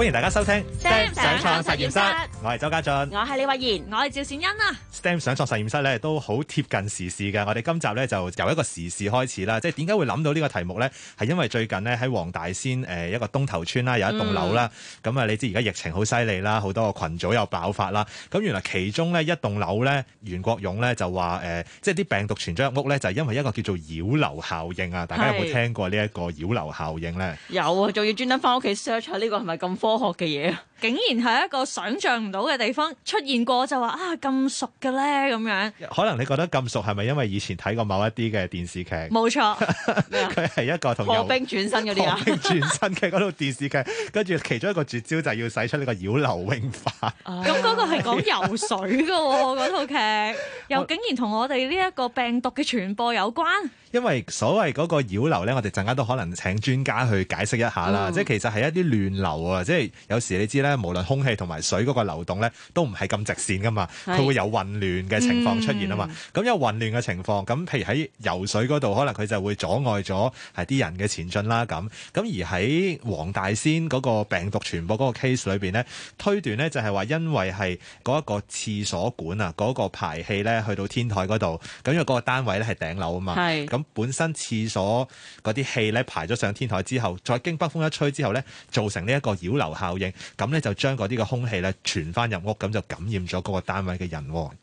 歡迎大家收聽《Sam, Sam, 上創實驗室》，我係周家俊，我係李慧賢，我係趙善恩啊。STEM 想像實驗室咧都好貼近時事嘅，我哋今集咧就由一個時事開始啦。即係點解會諗到呢個題目咧？係因為最近咧喺黃大仙誒一個東頭村啦，有一棟樓啦。咁啊、嗯嗯，你知而家疫情好犀利啦，好多個群組又爆發啦。咁原來其中咧一棟樓咧，袁國勇咧就話誒、呃，即係啲病毒傳咗入屋咧，就因為一個叫做擾流效應啊。大家有冇聽過呢一個擾流效應咧？有啊，仲要專登返屋企 search 下呢個係咪咁科學嘅嘢啊！竟然係一個想像唔到嘅地方出現過就，就話啊咁熟嘅咧咁樣。可能你覺得咁熟係咪因為以前睇過某一啲嘅電視劇？冇錯，佢係 一個同破冰轉身嗰啲啊。破冰轉身嘅嗰套電視劇，跟住 其中一個絕招就係要使出呢個擾流泳法。咁嗰、啊、 個係講游水嘅喎，嗰套 劇 又竟然同我哋呢一個病毒嘅傳播有關？因為所謂嗰個擾流咧，我哋陣間都可能請專家去解釋一下啦、嗯。即係其實係一啲亂流啊，即係有時你知啦。咧，無論空氣同埋水嗰個流動咧，都唔係咁直線噶嘛，佢會有混亂嘅情況出現啊嘛。咁、嗯、有混亂嘅情況，咁譬如喺游水嗰度，可能佢就會阻礙咗係啲人嘅前進啦。咁咁而喺黃大仙嗰個病毒傳播嗰個 case 裏邊咧，推斷咧就係、是、話因為係嗰一個廁所管啊，嗰、那個排氣咧去到天台度，咁因為個單位咧係頂樓啊嘛。係咁是本身廁所啲氣咧排咗上天台之後再經北風一吹之後咧，造成呢一個擾流效應，咁咧。就將嗰啲個空氣咧傳翻入屋，咁就感染咗嗰個單位嘅人。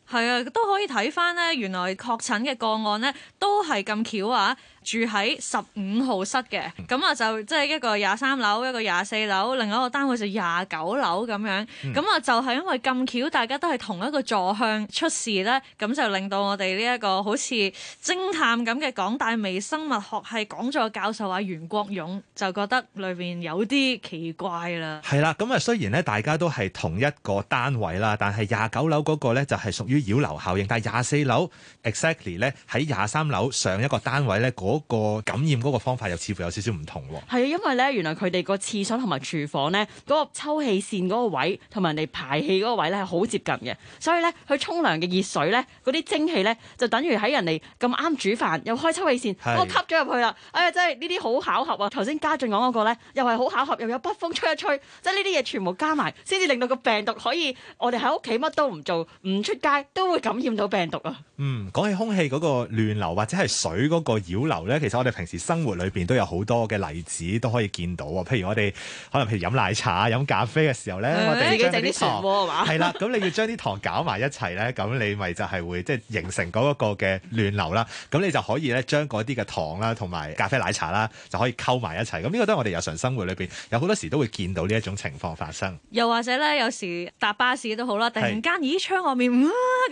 係啊，都可以睇翻呢。原來確診嘅個案呢，都係咁巧啊！住喺十五號室嘅，咁啊、嗯、就即係一個廿三樓，一個廿四樓，另一個單位就廿九樓咁樣。咁啊、嗯、就係因為咁巧，大家都係同一個座向出事呢，咁就令到我哋呢一個好似偵探咁嘅港大微生物學系講座教授啊袁國勇就覺得裏面有啲奇怪啦。係啦、嗯，咁啊、嗯、雖然咧大家都係同一個單位啦，但係廿九樓嗰個咧就係屬於擾流效應，但係廿四樓 exactly 呢喺廿三樓上一個單位呢。嗰個感染嗰個方法又似乎有少少唔同喎，係啊，因為咧，原來佢哋個廁所同埋廚房咧，嗰個抽氣扇嗰個位同埋人哋排氣嗰個位咧係好接近嘅，所以咧，佢沖涼嘅熱水咧，嗰啲蒸氣咧，就等於喺人哋咁啱煮飯又開抽氣扇，是我吸咗入去啦。哎呀，真係呢啲好巧合啊！頭先嘉俊講嗰個咧，又係好巧合，又有北風吹一吹，即係呢啲嘢全部加埋，先至令到個病毒可以我哋喺屋企乜都唔做，唔出街都會感染到病毒啊！嗯，講起空氣嗰個亂流或者係水嗰個擾流。其實我哋平時生活裏邊都有好多嘅例子都可以見到喎，哦。譬如我哋可能譬如飲奶茶、飲咖啡嘅時候咧，自己整啲糖喎，係嘛？ 係啦，咁你要將啲糖攪埋一齊咧，咁你咪就係會即係、就是、形成嗰一個嘅亂流啦。咁你就可以咧將嗰啲嘅糖啦，同埋咖啡、奶茶啦，就可以溝埋一齊。咁、這、呢個都係我哋日常生活裏邊有好多時都會見到呢一種情況發生。又或者咧，有時搭巴士都好啦，突然間是，咦窗外面咁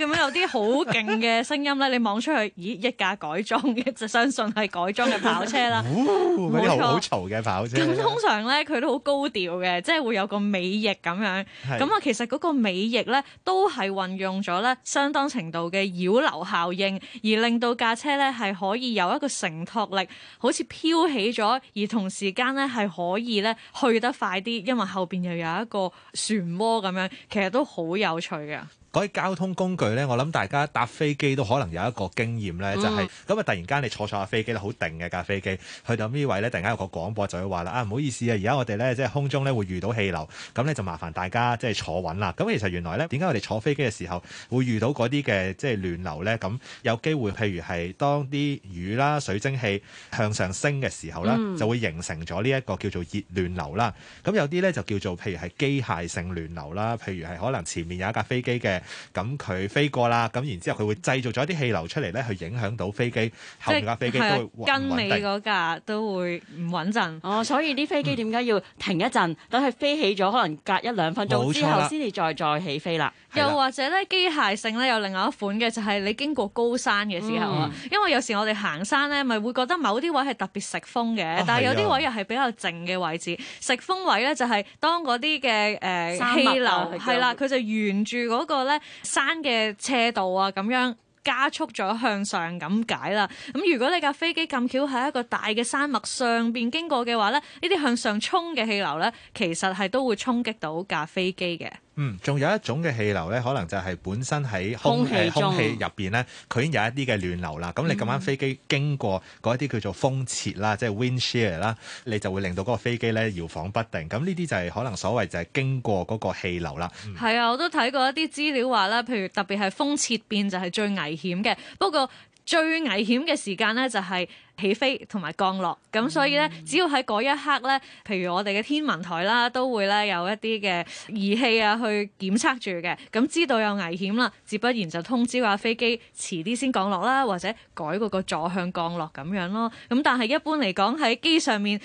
樣有啲好勁嘅聲音咧， 你望出去，咦一架改裝嘅就相信。係改裝嘅跑車啦，冇錯，好嘈嘅跑車。咁通常咧，佢都好高調嘅，即係會有個尾翼咁樣。咁啊是，其實嗰個尾翼咧，都係運用咗咧相當程度嘅擾流效應，而令到架車咧係可以有一個承托力，好似飄起咗，而同時間咧係可以咧去得快啲，因為後邊又有一個旋渦咁樣，其實都好有趣嘅。嗰啲交通工具咧，我諗大家搭飛機都可能有一個經驗咧、就是，嗯、就係咁啊！突然間你坐坐下飛機咧，好定嘅架飛機去到呢位咧，突然間有個廣播就會話啦：啊唔好意思啊，而家我哋咧即係空中咧會遇到氣流，咁咧就麻煩大家即係坐穩啦。咁其實原來咧，點解我哋坐飛機嘅時候會遇到嗰啲嘅即係亂流咧？咁有機會譬如係當啲雨啦、水蒸氣向上升嘅時候啦，嗯、就會形成咗呢一個叫做熱亂流啦。咁有啲咧就叫做譬如係機械性亂流啦，譬如係可能前面有一架飛機嘅。咁佢飛過啦，咁然之後佢會製造咗一啲氣流出嚟咧，去影響到飛機，後面架飛機都會跟尾嗰架都會唔穩陣。 哦，所以啲飛機點解要停一陣，等佢、嗯、飛起咗，可能隔一兩分鐘之後先至再再起飛啦。又或者咧，機械性咧有另外一款嘅，就係、是、你經過高山嘅時候啊，嗯、因為有時我哋行山咧，咪會覺得某啲位係特別食風嘅，啊、但係有啲位又係比較靜嘅位置。啊、食風位咧就係當嗰啲嘅誒氣流係啦，佢就沿住嗰個咧。山嘅斜度啊，咁樣加速咗向上咁解啦。咁如果你架飛機咁巧喺一個大嘅山脈上邊經過嘅話咧，呢啲向上衝嘅氣流呢，其實係都會衝擊到架飛機嘅。嗯，仲有一種嘅氣流咧，可能就係本身喺空，空氣、呃、空氣入邊咧，佢已經有一啲嘅亂流啦。咁你咁啱飛機經過嗰啲叫做風切啦，嗯、即係 wind shear 啦，你就會令到嗰個飛機咧搖晃不定。咁呢啲就係可能所謂就係經過嗰個氣流啦。係、嗯、啊，我都睇過一啲資料話咧，譬如特別係風切變就係最危險嘅。不過最危險嘅時間呢、就係，就係。起飛同埋降落，咁所以咧，嗯、只要喺嗰一刻咧，譬如我哋嘅天文台啦，都會咧有一啲嘅儀器啊，去檢測住嘅，咁、嗯、知道有危險啦，自不然就通知話飛機遲啲先降落啦，或者改嗰個座向降落咁樣咯。咁、嗯、但係一般嚟講喺機上面，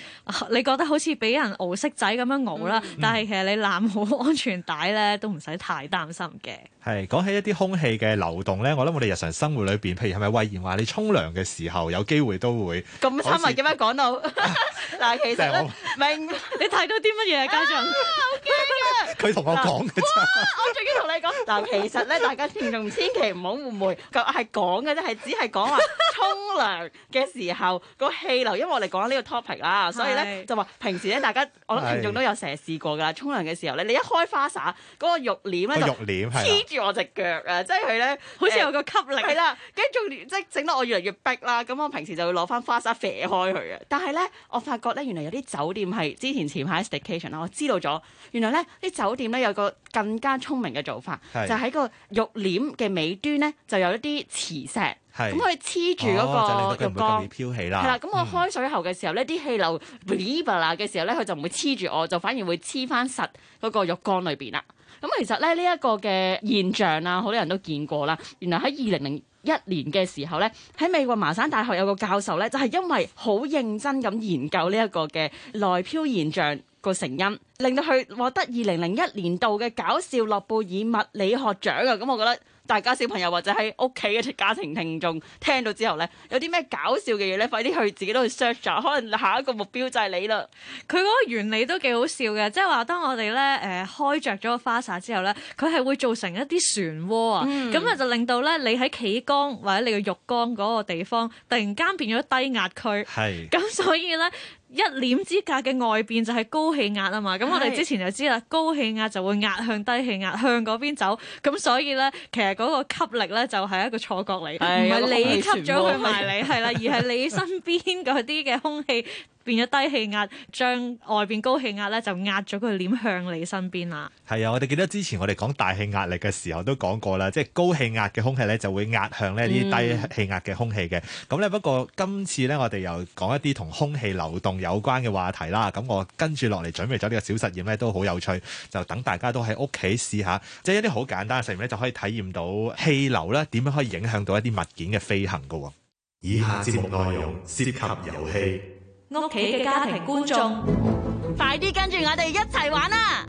你覺得好似俾人熬色仔咁樣熬啦，嗯、但係其實你攬好安全帶咧，都唔使太擔心嘅。係講起一啲空氣嘅流動咧，我諗我哋日常生活裏邊譬如係咪魏然話你沖涼嘅時候有機會都會～咁親密，點解講到？嗱像，係 其實呢 明你睇到啲乜嘢啊，家俊。佢同我講嘅，我最緊要同你講嗱， 但其實咧，大家聽眾千祈唔好誤會，咁係講嘅啫，係只係講話沖涼嘅時候嗰個氣流。因為我哋講緊呢個 topic 啦， 所以咧是就話平時咧，大家我覺得聽眾都有成日試過㗎。沖涼嘅時候咧，你一開花灑，嗰、那個浴簾咧就黐住我隻腳啊！的即係咧，欸、好似有個吸力係的啦，跟住即整到我越嚟越逼啦。咁我平時就會攞翻花灑撇開佢嘅。但係咧，我發覺咧，原來有啲酒店係之前前排 staycation 啦，我知道咗，原來咧啲酒。酒店咧有個更加聰明嘅做法，是就喺個浴簾嘅尾端咧，就有一啲磁石，咁佢黐住嗰個浴缸。哦、就是、飄起啦。係啦，咁我開水喉嘅時候，呢啲氣流 bubble 嘅時候咧，佢就唔會黐住我，就反而會黐翻實嗰個浴缸裏邊啦。咁其實咧呢一、這個嘅現象啊，好多人都見過啦。原來喺二零零一年嘅時候咧，喺美國麻省大學有個教授咧，就係、是、因為好認真咁研究呢一個嘅內漂現象。個成因令到佢獲得二零零一年度嘅搞笑諾貝爾物理學獎啊！咁、嗯、我覺得大家小朋友或者喺屋企嘅家庭聽眾聽到之後呢，有啲咩搞笑嘅嘢呢？快啲去自己都去 search，可能下一個目標就係你啦。佢嗰個原理都幾好笑嘅，即係話當我哋呢誒、呃、開着咗個花灑之後呢，佢係會造成一啲漩渦啊，咁咧、嗯嗯、就令到呢，你喺企缸或者你嘅浴缸嗰個地方突然間變咗低壓區，咁是所以呢。一簾之隔嘅外邊就係高氣壓啊嘛，咁我哋之前就知啦，高氣壓就會壓向低氣壓向嗰邊走，咁所以咧，其實嗰個吸力咧就係一個錯覺嚟，唔係你吸咗佢埋嚟，係 啦，而係你身邊嗰啲嘅空氣。變咗低氣壓，將外邊高氣壓咧就壓咗佢，臉向你身邊啦。係啊，我哋記得之前我哋講大氣壓力嘅時候都講過啦，即係高氣壓嘅空氣咧就會壓向呢啲低氣壓嘅空氣嘅。咁咧、嗯、不過今次咧，我哋又講一啲同空氣流動有關嘅話題啦。咁我跟住落嚟準備咗呢個小實驗咧，都好有趣。就等大家都喺屋企試下，即係一啲好簡單嘅實驗咧，就可以體驗到氣流咧點樣可以影響到一啲物件嘅飛行噶。以下節目內容涉及遊戲。屋企嘅家庭觀眾，快啲跟住我哋一齊玩啊。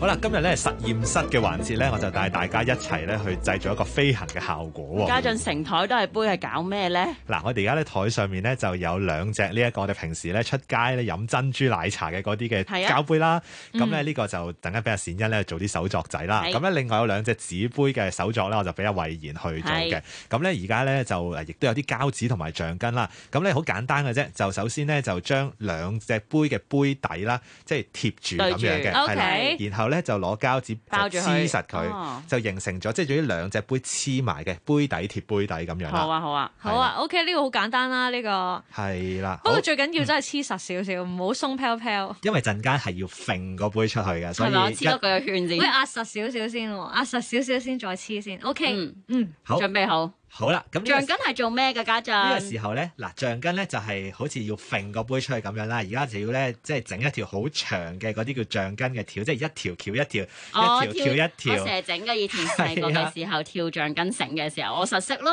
好啦，今日咧實驗室嘅環節咧，我就帶大家一齊咧去製造一個飛行嘅效果，哦。加俊，成台都係杯，係搞咩咧？嗱，我哋而家咧台上面咧就有兩隻呢、呢、一個我哋平時咧出街咧飲珍珠奶茶嘅嗰啲嘅膠杯啦。咁咧、嗯、呢、呢個就等下俾阿善欣咧做啲手作仔啦。咁咧是另外有兩隻紙杯嘅手作咧，我就俾阿慧賢去做嘅。咁咧而家咧就亦都有啲膠紙同埋橡筋啦。咁咧好簡單嘅啫，就首先咧就將兩隻杯嘅杯底啦，即係貼住咁樣嘅，係啦著，然後咧。對就攞膠紙黐實佢，就形成咗，即係總之兩隻杯黐埋嘅，杯底貼杯底咁樣好啊，好啊，好啊。OK，呢個好簡單啦，呢個係啦。不過最緊要真係黐實少少，唔好鬆飄飄。因為陣間係要揈嗰杯出去嘅，所以黐佢個圈先喂，壓實少少先，壓實少少先再黐先。OK，嗯，好，準備好。好啦，咁橡筋係做咩嘅家陣？呢個時候咧，嗱橡筋咧就係、是、好似要揈個杯出去咁樣啦，而家就要咧即係整一條好長嘅嗰啲叫橡筋嘅條，即、就、係、是、一條跳一條，哦、一條跳一條。跳一條我成日整嘅以前細個嘅時候 的跳橡筋繩嘅時候，我實識咯，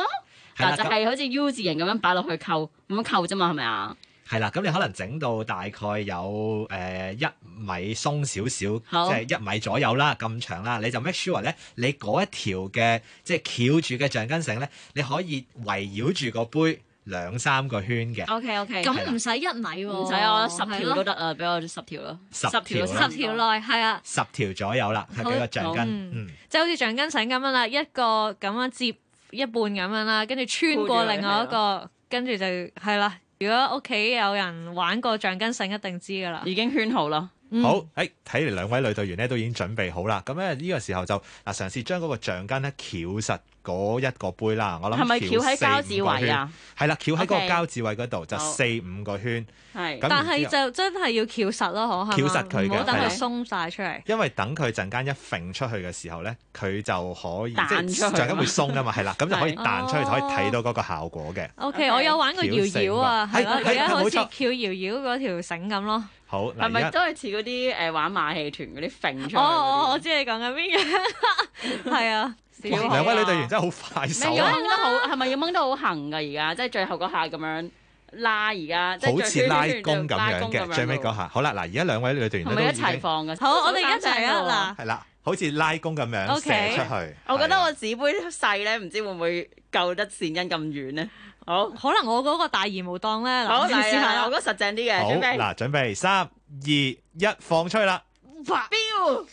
嗱的、啊、就係、是、好似 U 字形咁樣擺落去扣咁樣扣啫嘛，係咪啊？係啦，咁你可能整到大概有誒一米鬆少少，即係一米左右啦，咁長啦，你就 make sure 咧，你嗰一條嘅即係翹住嘅橡筋繩咧，你可以圍繞住個杯兩三個圈嘅。OK OK，咁唔使一米喎，唔使我十條都得啊，俾我十條咯，十條十條內係啊，十條左右啦，係俾個橡筋，嗯，即係好似橡筋繩咁樣啦，一個咁樣接一半咁樣啦，跟住穿過另外一個，跟住就係啦。如果屋企有人玩過橡筋繩，一定知噶啦，已經圈好啦。嗯、好，誒、哎，睇嚟兩位女隊員呢都已經準備好啦。咁咧呢個時候就嗱，嘗試將嗰個橡筋呢翹實。嗰一個杯啦，我諗係咪翹喺膠紙位啊？係啦，翹喺個膠紙位嗰度就四五個圈。係，但係就真係要翹實咯，可翹實佢嘅，唔好等佢鬆晒出嚟。因為等佢陣間一揈出去嘅時候咧，佢就可以即係陣間會鬆啊嘛。係啦，咁就可以彈出去就可以睇到嗰個效果嘅。OK，我有玩過搖搖啊，係啊，而家，好似翹搖搖嗰條繩咁咯。好，係咪都係似嗰啲誒玩馬戲團嗰啲揈出去哦，我知你講緊邊嘅，係啊。兩位女隊員真係好快手啊！掹得好，係咪要掹得好恒噶？而家即係最後嗰下咁樣拉，而家即係好似拉弓咁樣嘅。最尾嗰下，好啦，嗱，而家兩位女隊員都放好，好，我哋一齊啦，嗱，係啦，好似拉弓咁樣射出去。我覺得我紙杯細咧，唔知會唔會夠得線因咁遠咧？好，可能我嗰個大而無當咧，嗱，試試下我覺得實正啲嘅。好，嗱，準備三二一，放出去啦！發飆！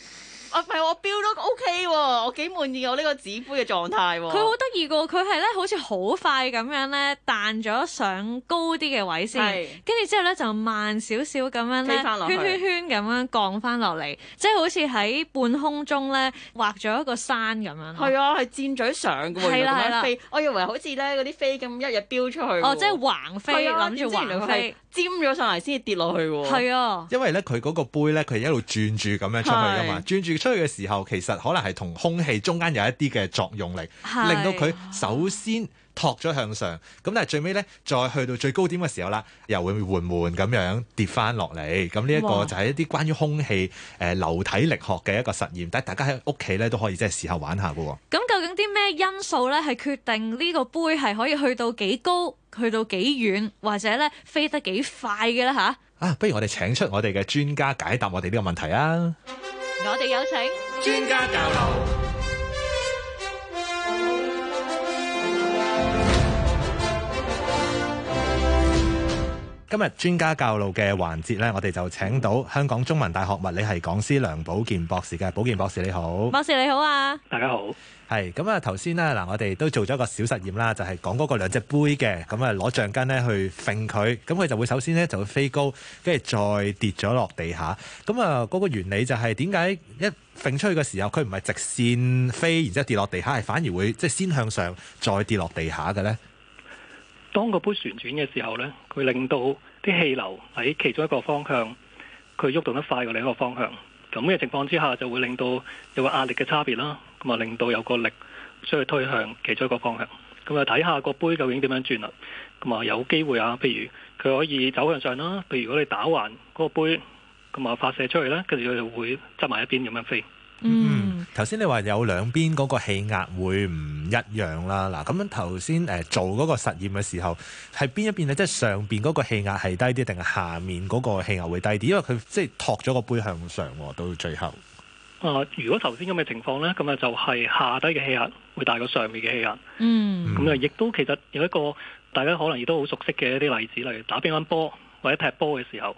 啊，唔係我飚都 OK 喎，我幾滿意我呢個紙杯嘅狀態喎。佢好得意噶，佢係咧好似好快咁樣咧彈咗上高啲嘅位先，跟住之後咧就慢少少咁樣咧圈圈圈咁樣降翻落嚟，即係好似喺半空中咧畫咗一個山咁樣。係啊，係箭嘴上㗎喎，佢喺飛。我以為好似咧嗰啲飛咁一日飚出去。哦，即係橫飛，諗住橫飛，尖咗上嚟先跌落去㗎喎。係啊，因為咧佢嗰個杯咧，佢一路轉住咁樣出去㗎嘛，轉住。吹嘅時候，其實可能係同空氣中間有一啲嘅作用力，是令到佢首先托咗向上。咁但係最尾呢，再去到最高點嘅時候啦，又會緩緩咁樣跌翻落嚟。咁呢一個就係一啲關於空氣誒、呃、流體力學嘅一個實驗。但係大家喺屋企咧都可以即係試,試玩下玩下嘅喎。咁究竟啲咩因素呢？係決定呢個杯係可以去到幾高、去到幾遠或者呢飛得幾快嘅咧吓？啊，不如我哋請出我哋嘅專家解答我哋呢個問題啊！我哋有請，專家教導。今日專家教路嘅環節呢，我哋就請到香港中文大學物理系講師梁寶健博士嘅。寶健博士你好，博士你好啊，大家好。係咁啊，頭先呢，嗱，我哋都做咗一個小實驗啦，就係講嗰個兩隻杯嘅，咁啊攞橡筋呢去揈佢，咁佢就會首先呢就會飛高，跟住再跌咗落地下。咁啊嗰個原理就係點解一揈出去嘅時候，佢唔係直線飛，然之後跌落地下，係反而會即係先向上再跌落地下嘅呢？當個杯旋轉嘅時候呢，佢令到啲氣流喺其中一個方向，佢喐動得快過另一個方向。咁嘅情況之下，就會令到有個壓力嘅差別啦。咁啊，令到有個力出去推向其中一個方向。咁啊，睇下個杯究竟點樣轉啦。咁啊，有機會啊，譬如佢可以走向上啦。譬如如果你打橫個杯，咁啊發射出去呢，跟住佢就會執埋一邊咁樣飛。嗯。頭先你話有兩邊嗰個氣壓會唔一樣啦，嗱咁樣頭先誒做嗰個實驗嘅時候係邊一邊咧？即係上邊嗰個氣壓係低啲，定係下面嗰個氣壓會低啲？因為佢即係托咗個杯向上喎，到最後。啊、呃，如果頭先咁嘅情況咧，咁啊就係下低嘅氣壓會大過上面嘅氣壓。嗯，咁啊亦都其實有一個大家可能亦都好熟悉嘅一啲例子，例如打乒乓波或者踢波嘅時候。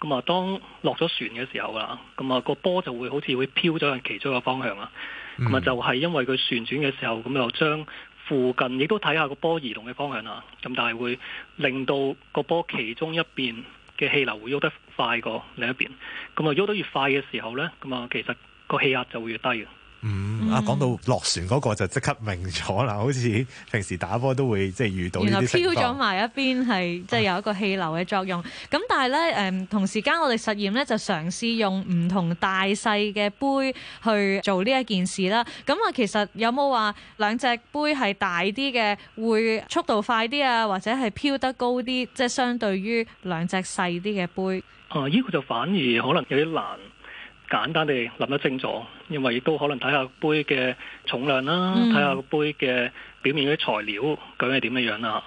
咁啊，當落咗船嘅時候啦，咁、那、啊個波就會好似會飄咗向其中一個方向啦。咁啊、嗯、就係因為佢旋轉嘅時候，咁又將附近亦都睇下個波移動嘅方向啦。咁但係會令到個波其中一邊嘅氣流會喐得快過另一邊。咁啊喐得越快嘅時候呢，咁啊其實個氣壓就會越低嘅。嗯，啊，講到落船嗰、嗰個嗯嗯就即刻明咗啦，好似平時打波都會即係遇到然後。原來飄咗埋一邊，係即係有一個氣流嘅作用。咁、嗯、但係咧，誒，同時間我哋實驗咧就嘗試用唔同大細嘅杯去做呢一件事啦。咁啊，其實有冇話兩隻杯係大啲嘅會速度快啲啊，或者係飄得高啲，即係相對於兩隻細啲嘅杯？啊，呢、呢個就反而可能有啲難。簡單地諗得清楚，因為亦都可能睇下杯嘅重量啦，睇下個杯嘅表面嗰啲材料究竟係點樣啦。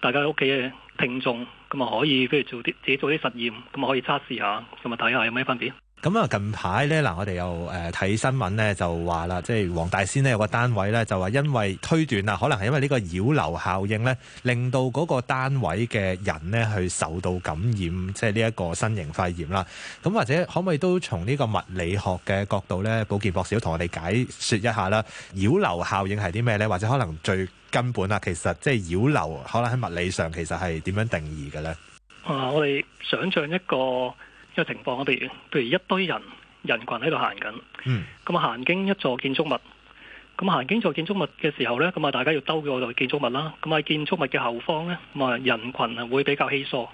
大家屋企嘅聽眾咁啊，可以不如做啲自己做啲實驗，咁啊可以測試下，咁啊睇下有咩分別。咁啊，近排咧嗱，我哋又誒睇新聞咧，就話啦，即係黃大仙呢，有個單位咧，就話因為推斷啊，可能係因為呢個擾流效應咧，令到嗰個單位嘅人咧去受到感染，即係呢一個新型肺炎啦。咁或者可唔可以都從呢個物理學嘅角度咧，保健博士都同我哋解説一下啦。擾流效應係啲咩咧？或者可能最根本啊，其實即係擾流，可能喺物理上其實係點樣定義嘅咧？啊，我哋想像一個。嘅情況啊，譬如譬如一堆人人群喺度行緊，咁啊、嗯、行經一座建築物，咁行經座建築物嘅時候呢，咁啊大家要兜繞過建築物啦。咁喺建築物嘅後方呢，咁啊人群係會比較稀疏，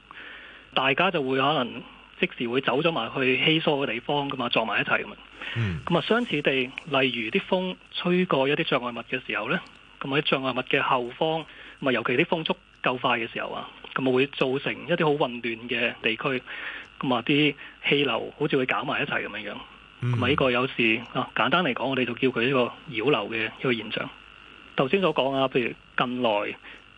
大家就會可能即時會走咗埋去稀疏嘅地方，咁啊撞埋一齊咁啊。咁啊、嗯，相似地，例如啲風吹過一啲障礙物嘅時候呢，咁喺障礙物嘅後方，咁尤其啲風速夠快嘅時候啊，咁啊會造成一啲好混亂嘅地區。咁啊啲氣流好似會搞埋一齊咁樣樣，咁啊呢個有時啊簡單嚟講，我哋就叫佢呢個擾流嘅一個現象。頭先所講啊，譬如近來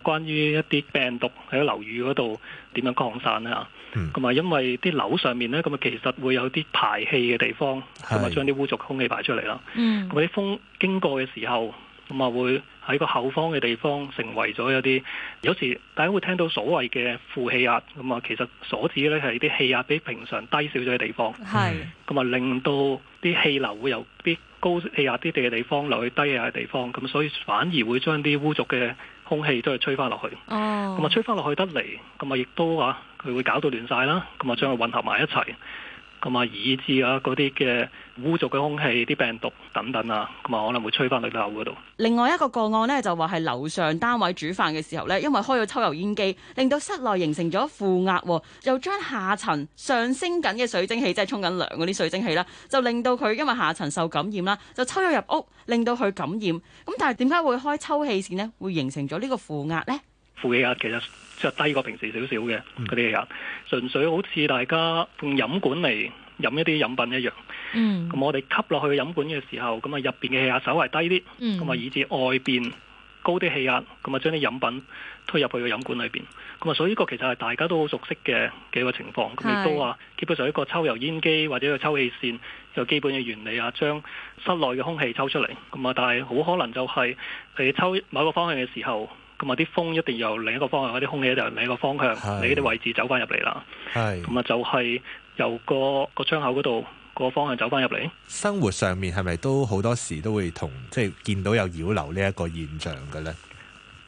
關於一啲病毒喺樓宇嗰度點樣擴散啊，嚇、嗯，咁啊因為啲樓上面咧，咁啊其實會有啲排氣嘅地方，咁啊將啲污濁空氣排出嚟啦，咁啲、嗯、風經過嘅時候。咁啊，會喺個後方嘅地方成為咗一啲，有時大家會聽到所謂嘅負氣壓，咁啊，其實所指呢係啲氣壓比平常低少少嘅地方，係是，咁啊、嗯，令到啲氣流會由啲高氣壓啲地嘅地方流去低嘅地方，咁所以反而會將啲污濁嘅空氣都係吹翻落去，哦，咁啊，吹翻落去得嚟，咁啊，亦都話，佢會搞到亂晒啦，咁啊，將佢混合埋一齊。同埋以致啊嗰啲嘅污濁嘅空氣、啲病毒等等啊，咁啊，可能會吹翻去樓度。另外一個個案呢，就話係樓上單位煮飯嘅時候呢，因為開咗抽油煙機，令到室內形成咗負壓，又將下層上升緊嘅水蒸氣，即係沖緊涼嗰啲水蒸氣啦，就令到佢因為下層受感染啦，就抽咗入屋，令到佢感染。咁但係點解會開抽氣扇呢？會形成咗呢個負壓呢？負氣壓其實即係低過平時少少嘅嗰啲氣壓，純粹好似大家用飲管嚟飲一啲飲品一樣。咁、mm. 我哋吸落去個飲管嘅時候，咁啊入邊嘅氣壓稍微低啲，咁啊、mm. 以至外邊高啲氣壓，咁啊將啲飲品推入去個飲管裏邊。咁啊，所以呢個其實係大家都好熟悉嘅幾個情況。咁亦都話基本上一個抽油煙機或者一個抽氣扇有基本嘅原理啊，將室內嘅空氣抽出嚟。咁啊，但係好可能就係你抽某一個方向嘅時候。咁啊！啲風一定要由另一個方向，嗰啲空氣一定要由另一個方向，你一啲位置走翻入嚟啦。係是，咁啊就係由個個窗口嗰度、個方向走翻入嚟。生活上面係咪都好多時都會同即係、就是、見到有擾流呢一個現象嘅咧？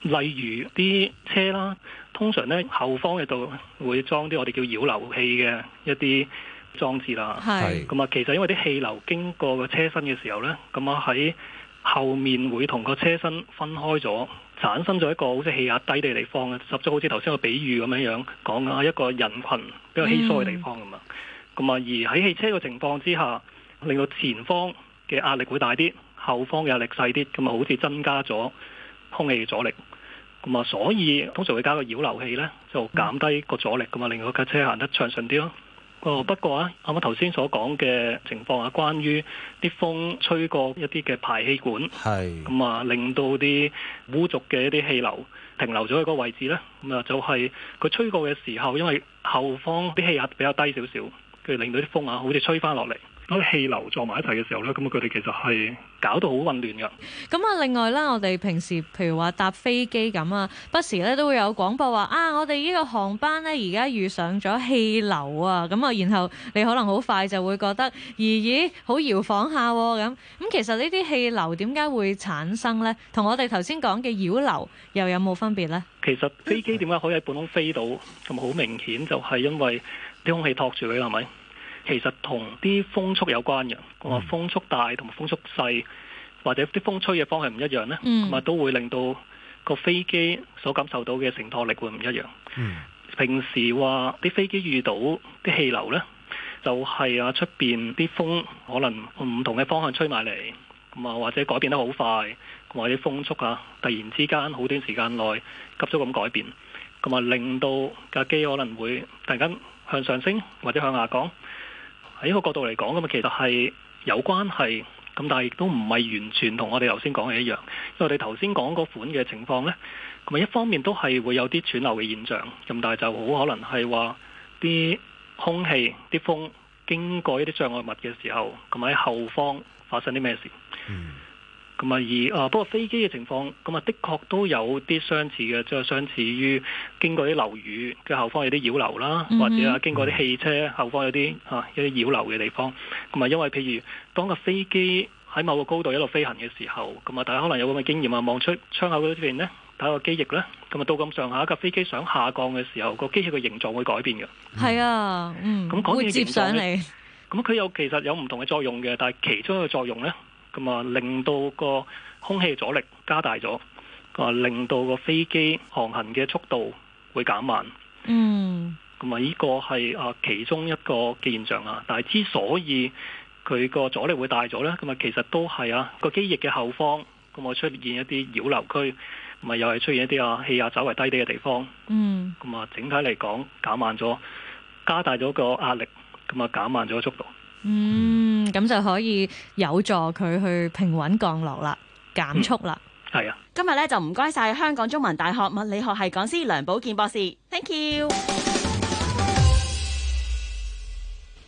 例如啲車啦，通常咧後方嘅度會裝啲我哋叫擾流器嘅一啲裝置啦。係是，咁啊其實因為啲氣流經過個車身嘅時候咧，咁啊喺，後面會同個車身分開咗，產生咗一個好似氣壓低嘅地方嘅，十足好似頭先個比喻咁樣樣講啊，講一個人群比較稀疏嘅地方咁啊，咁啊而喺汽車嘅情況之下，令到前方嘅壓力會大啲，後方嘅壓力細啲，咁啊好似增加咗空氣阻力，咁啊所以通常會加個擾流器呢，就減低個阻力噶嘛，令到架車行得暢順啲咯。哦，不過啊，啱啱頭先所講嘅情況啊，關於啲風吹過一啲嘅排氣管，係咁啊，令到啲污濁嘅一啲氣流停留咗喺嗰個位置咧，咁、嗯、啊就係、是、佢吹過嘅時候，因為後方啲氣壓比較低少少，佢令到啲風啊，好似吹翻落嚟。嗰啲氣流撞埋一齊嘅時候呢，咁啊佢哋其實係搞到好混亂噶。咁啊，另外啦，我哋平時譬如話搭飛機咁啊，不時咧都會有廣播話啊，我哋呢個航班呢而家遇上咗氣流啊，咁啊，然後你可能好快就會覺得咦咦好搖晃下喎、啊、咁。咁其實呢啲氣流點解會產生呢？同我哋頭先講嘅擾流又有冇分別呢？其實飛機點解可以喺半空飛到？咁好明顯，就係因為啲空氣托住你，係咪？其實同啲風速有關嘅，話風速大同風速細，或者啲風吹嘅方向唔一樣咧，咁啊、mm. 都會令到個飛機所感受到嘅承托力會唔一樣。Mm. 平時話啲飛機遇到啲氣流呢，就係啊出邊啲風可能唔同嘅方向吹埋嚟，咁啊或者改變得好快，或者風速啊突然之間好短時間內急速咁改變，同埋令到架機可能會突然間向上升或者向下降。喺呢個角度嚟講，咁啊其實係有關係，咁但係亦都唔係完全同我哋頭先講嘅一樣。因為我哋頭先講嗰款嘅情況呢，咁啊一方面都係會有啲湍流嘅現象，咁但係就好可能係話啲空氣啲風經過一啲障礙物嘅時候，咁喺後方發生啲咩事？嗯。咁啊，而啊，不過飛機嘅情況，咁、嗯、啊，的確都有啲相似嘅，即、就、係、是、相似於經過啲樓宇嘅後方有啲擾流啦，或者啊，經過啲汽車後方有啲嚇、啊、有啲擾流嘅地方。咁、嗯、啊，因為譬如當個飛機喺某個高度一路飛行嘅時候，咁、嗯、啊，大家可能有咁嘅經驗啊，望出窗口嗰邊呢睇個機翼呢，咁、嗯、啊，到咁上下架飛機想下降嘅時候，個機翼嘅形狀會改變嘅。係啊、嗯，咁講起機翼嘅形狀，咁佢有其實有唔同嘅作用嘅，但係其中一個作用呢。咁啊，令到個空氣阻力加大咗，啊，令到個飛機航行嘅速度會減慢。嗯，咁啊，呢個係啊其中一個嘅現象啊。但係之所以佢個阻力會大咗咧，咁啊，其實都係啊個機翼嘅後方咁我出現一啲擾流區，咪又係出現一啲啊氣壓稍微低啲嘅地方。嗯，咁啊，整體嚟講減慢咗，加大咗個壓力，咁啊減慢咗速度。嗯，咁就可以有助佢去平穩降落啦，減速啦。係啊、嗯，今日咧就唔該晒香港中文大學物理學系講師梁寶健博士，Thank you。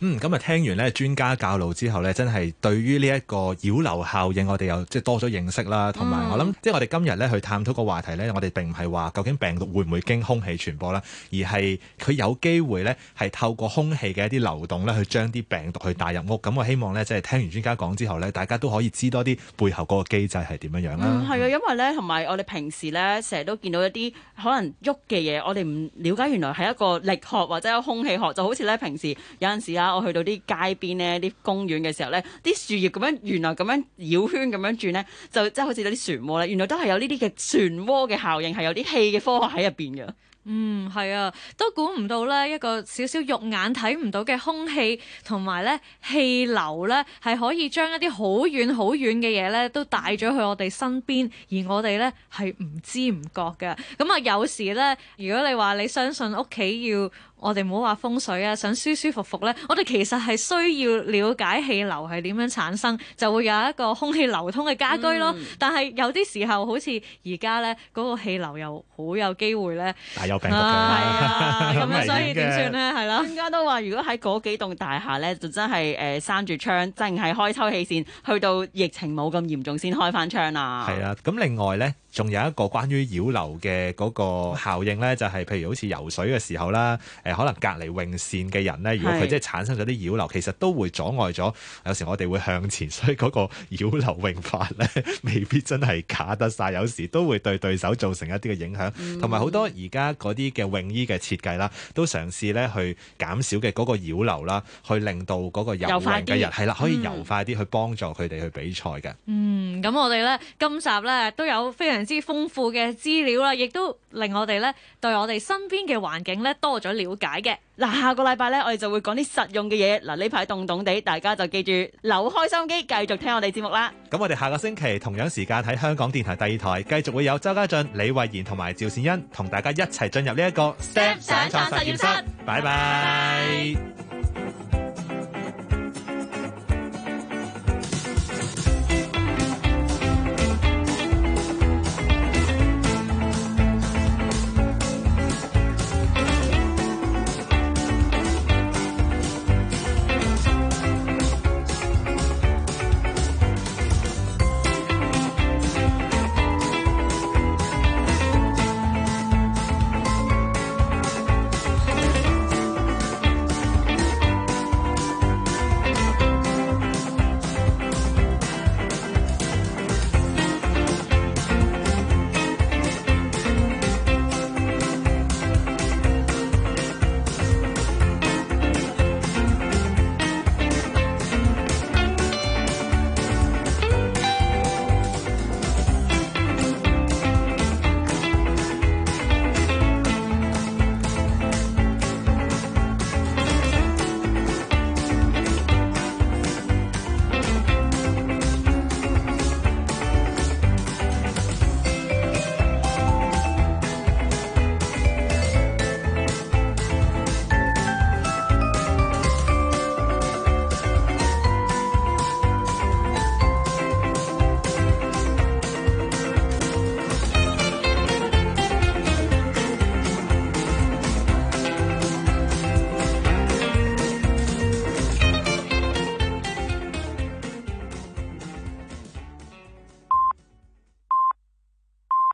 嗯，咁啊，聽完咧專家教導之後咧，真係對於呢一個擾流效應，我哋又即係多咗認識啦。同埋我諗即係我哋今日咧去探討個話題咧，我哋並唔係話究竟病毒會唔會經空氣傳播啦，而係佢有機會咧係透過空氣嘅一啲流動咧，去將啲病毒去帶入屋。咁我希望咧，即係聽完專家講之後咧，大家都可以知多啲背後嗰個機制係點樣樣啦。係啊，因為咧同埋我哋平時咧成日都見到一啲可能喐嘅嘢，我哋唔了解原來係一個力學或者係空氣學，就好似咧平時有陣時啊。我去到啲街邊呢啲公園嘅時候呢，啲樹葉咁樣，原來咁樣繞圈咁樣轉呢，就即係好似嗰啲漩渦咧。原來都係有呢啲嘅漩渦嘅效應，係有啲氣嘅科學喺入邊嘅。嗯，係啊，都估唔到呢一個少少肉眼睇唔到嘅空氣同埋呢氣流呢，係可以將一啲好遠好遠嘅嘢呢都帶咗去我哋身邊，而我哋呢，係唔知唔覺嘅。咁啊，有時呢，如果你話你相信屋企要。我哋唔好話風水啊，想舒舒服服咧，我哋其實係需要了解氣流係點樣產生，就會有一個空氣流通嘅家居咯。但係有啲時候，好似而家咧嗰個氣流又好有機會咧，大、嗯啊、有病毒啊，咁 啊，啊嗯、 所以點算咧？係咯，大 家 都話，如果喺嗰幾棟大廈咧，就真係誒閂住窗，淨係開抽氣扇，去到疫情冇咁嚴重先開翻窗啊。係啊，咁另外咧。仲有一個關於擾流嘅嗰個效應呢，就係、是、譬如好似游水嘅時候啦，誒、呃、可能隔離泳線嘅人呢，如果佢即係產生咗啲擾流，其實都會阻礙咗。有時我哋會向前，所以嗰個擾流泳法呢，未必真係假得晒。有時都會對對手造成一啲嘅影響。同埋好多而家嗰啲嘅泳衣嘅設計啦，都嘗試呢去減少嘅嗰個擾流啦，去令到嗰個游泳嘅人係啦，可以游快啲、嗯、去幫助佢哋去比賽嘅。嗯，咁我哋呢，今集呢都有非常之豐富嘅資料啦，亦都令我哋咧對我哋身邊嘅環境咧多咗了解嘅。嗱，下個禮拜咧我哋就會講啲實用嘅嘢。嗱，呢排凍凍地，大家就記住留開心機，繼續聽我哋節目啦。咁我哋下個星期同樣時間喺香港電台第二台繼續會有周家俊、李慧賢同埋趙善恩同大家一齊進入呢一個 Step 上站實驗室。拜拜。